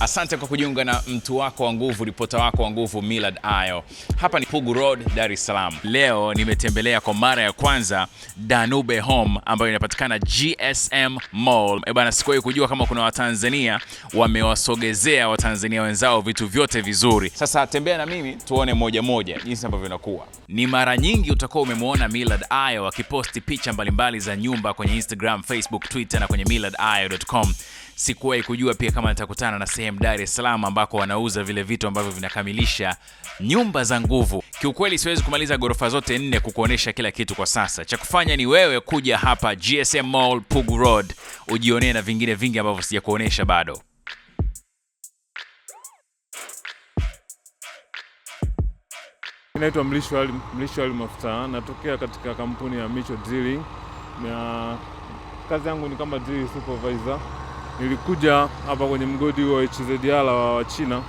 Asante kwa kujiunga na mtu wako wa nguvu, ripota wako wa nguvu milad Ayo. Hapa ni Pugu Road, Dar es Salaam. Leo nimetembelea kwa mara ya kwanza Danube Home ambayo inapatikana GSM Mall. Eh bana, sikuwahi kujua kama kuna Watanzania wamewasogezea Watanzania wenzao vitu vyote vizuri. Sasa tembea na mimi tuone moja moja jinsi ambavyo inakuwa. Ni mara nyingi utakuwa umemwona milad Ayo akiposti picha mbalimbali za nyumba kwenye Instagram, Facebook, Twitter na kwenye com sikuwai kujua pia kama nitakutana na JKM Dar es Salaam ambako wanauza vile vitu ambavyo vinakamilisha nyumba za nguvu. Kiukweli siwezi kumaliza ghorofa zote nne kukuonesha kila kitu kwa sasa. Cha kufanya ni wewe kuja hapa GSM Mall Pugu Road ujionee na vingine vingi ambavyo sijakuonesha bado. Naitwa Mlisho Ali Mafuta, natokea katika kampuni ya Micho Drilling na kazi yangu ni kama drill supervisor. Nilikuja hapa kwenye mgodi wa HZR wa Wachina,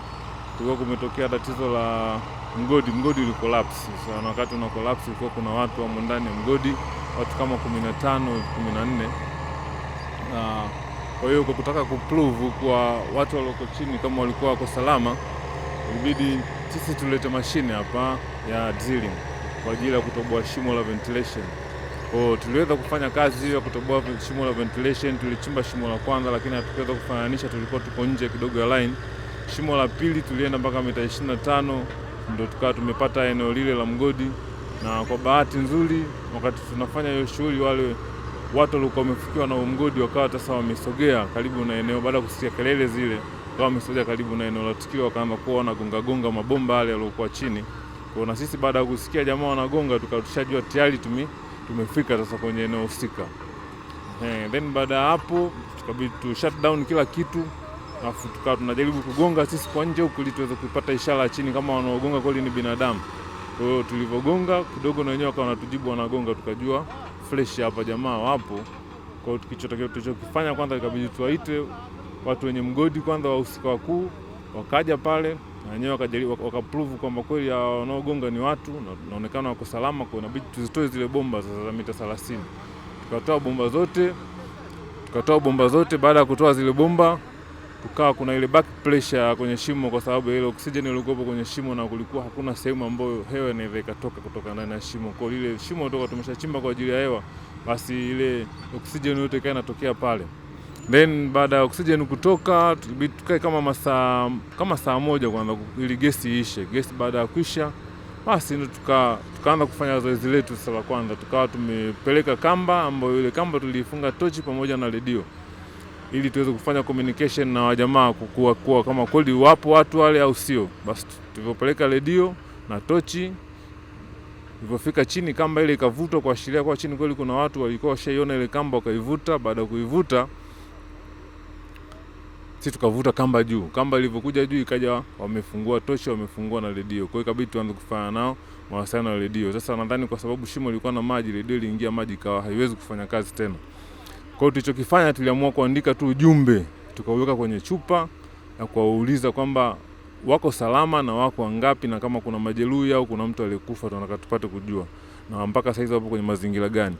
kulikuwa kumetokea tatizo la mgodi. Mgodi ulikolapsi sana. So, wakati una kolapsi kulikuwa kuna watu wamo ndani ya mgodi, watu kama 15 14. Uh, kwa hiyo kwa kutaka kuprove kwa watu walioko chini kama walikuwa wako salama, ilibidi sisi tulete mashine hapa ya drilling kwa ajili ya kutoboa shimo la ventilation. Kwa tuliweza kufanya kazi hiyo ya kutoboa shimo la ventilation, tulichimba shimo la kwanza, lakini hatukuweza kufananisha, tulikuwa tuko nje kidogo ya line. Shimo la pili tulienda mpaka mita 25 ndio tukawa tumepata eneo lile la mgodi, na kwa bahati nzuri, wakati tunafanya hiyo shughuli, wale watu walikuwa wamefikiwa na mgodi, wakawa sasa wamesogea karibu na eneo, baada ya kusikia kelele zile, wakawa wamesogea karibu na eneo la tukio, wakaanza kuwa wanagonga gonga mabomba yale yaliokuwa chini. Kwa na sisi baada ya kusikia jamaa wanagonga, tukatushajua tayari tumi tumefika sasa kwenye eneo husika. Eh, then baada ya hapo tukabidi tu shut down kila kitu, alafu tukawa tunajaribu kugonga sisi kwa nje huku ili tuweze kupata ishara ya chini kama wanaogonga kweli ni binadamu. Kwa hiyo tulivyogonga kidogo, na wenyewe wakawa wanatujibu wanagonga, tukajua fresh hapa jamaa wapo. Kwa hiyo tukichotakiwa tulichokifanya kwanza, ikabidi tuwaite watu wenye mgodi kwanza, wahusika wakuu wakaja pale na wenyewe wakaprove waka kwamba kweli wanaogonga ni watu naonekana wako salama, kwa inabidi tuzitoe zile bomba za za mita 30. Tukatoa bomba zote, tukatoa bomba zote. Baada ya kutoa zile bomba, tukawa kuna ile back pressure kwenye shimo, kwa sababu ile oxygen ilikuwa kwenye shimo na kulikuwa hakuna sehemu ambayo hewa inaweza ikatoka kutoka ndani ya shimo. Kwa ile shimo toka tumeshachimba kwa ajili ya hewa, basi ile oxygen yote ikawa inatokea pale. Then baada ya oksijeni kutoka tulibidi tukae kama masaa kama saa moja kwanza ili gesi ishe. Gesi baada ya kuisha, basi ndo tuka tukaanza kufanya zoezi letu sasa la kwanza. Tukawa tumepeleka kamba ambayo ile kamba tuliifunga tochi pamoja na redio ili tuweze kufanya communication na wajamaa kukua kuwa kama kweli wapo watu wale au sio. Basi tulivyopeleka redio na tochi ilivyofika chini, kamba ile ikavutwa kuashiria kwa chini kweli kuna watu walikuwa washaiona ile kamba wakaivuta. Baada ya kuivuta si tukavuta kamba juu. Kamba ilivyokuja juu, ikaja wamefungua tosha, wamefungua na redio, kwa hiyo ikabidi tuanze kufanya nao mawasiliano ya redio. Sasa nadhani kwa sababu shimo lilikuwa na maji, redio iliingia maji, ikawa haiwezi kufanya kazi tena. Kwa hiyo tulichokifanya, tuliamua kuandika tu ujumbe, tukauweka kwenye chupa na kuwauliza kwamba wako salama na wako wangapi, na kama kuna majeruhi au kuna mtu aliyekufa, tunataka tupate kujua na mpaka sasa hizi wapo kwenye mazingira gani.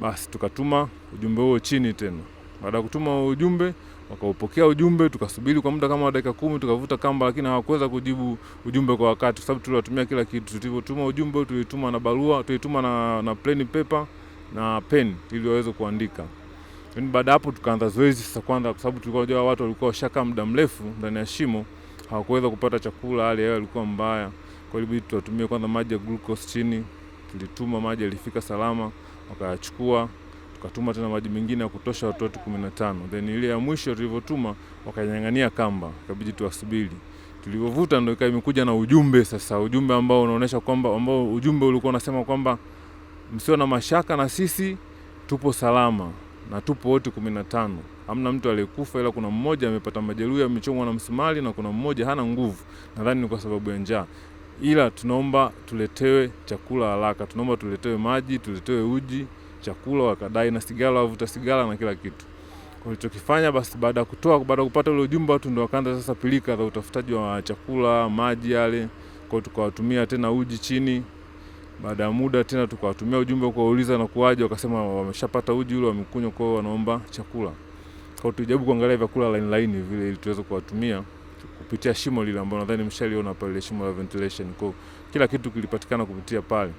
Basi tukatuma ujumbe huo chini tena. Baada ya kutuma ujumbe wakaupokea ujumbe, tukasubiri kwa muda kama dakika kumi, tukavuta kamba, lakini hawakuweza kujibu ujumbe kwa wakati, kwa sababu tuliwatumia kila kitu. Tulivyotuma ujumbe, tulituma na barua, tulituma na, na plain paper na pen ili waweze kuandika. Baada hapo tukaanza zoezi sasa kwanza, kwa sababu tulikuwa tunajua watu walikuwa washakaa muda mrefu ndani ya shimo, hawakuweza kupata chakula, hali yao ilikuwa mbaya. Kwa hiyo tuwatumie kwanza maji ya glucose chini, tulituma maji, yalifika salama, wakayachukua tukatuma tena maji mengine ya kutosha watu wetu 15. Then ile ya mwisho tulivyotuma wakanyang'ania kamba, ikabidi tuwasubiri. Tulivyovuta ndio ikawa imekuja na ujumbe sasa, ujumbe ambao unaonesha kwamba ambao ujumbe ulikuwa unasema kwamba msio na mashaka na sisi tupo salama na tupo wote 15. Hamna mtu aliyekufa, ila kuna mmoja amepata majeruhi, amechomwa na msumali na kuna mmoja hana nguvu, nadhani ni kwa sababu ya njaa ila tunaomba tuletewe chakula haraka, tunaomba tuletewe maji, tuletewe uji chakula, wakadai na sigara, wavuta sigara na kila kitu. Walichokifanya basi, baada ya kutoa, baada ya kupata ule ujumbe, watu ndio wakaanza sasa pilika za utafutaji wa chakula, maji yale. Kwa tukawatumia tena uji chini. Baada ya muda tena tukawatumia ujumbe kuwauliza na kuwaja, wakasema wameshapata uji ule, wamekunywa, kwao wanaomba chakula. Kwa tujaribu kuangalia vyakula line line vile, ili tuweze kuwatumia kupitia shimo lile ambalo nadhani mshaliona pale, shimo la ventilation. Kwa kila kitu kilipatikana kupitia pale.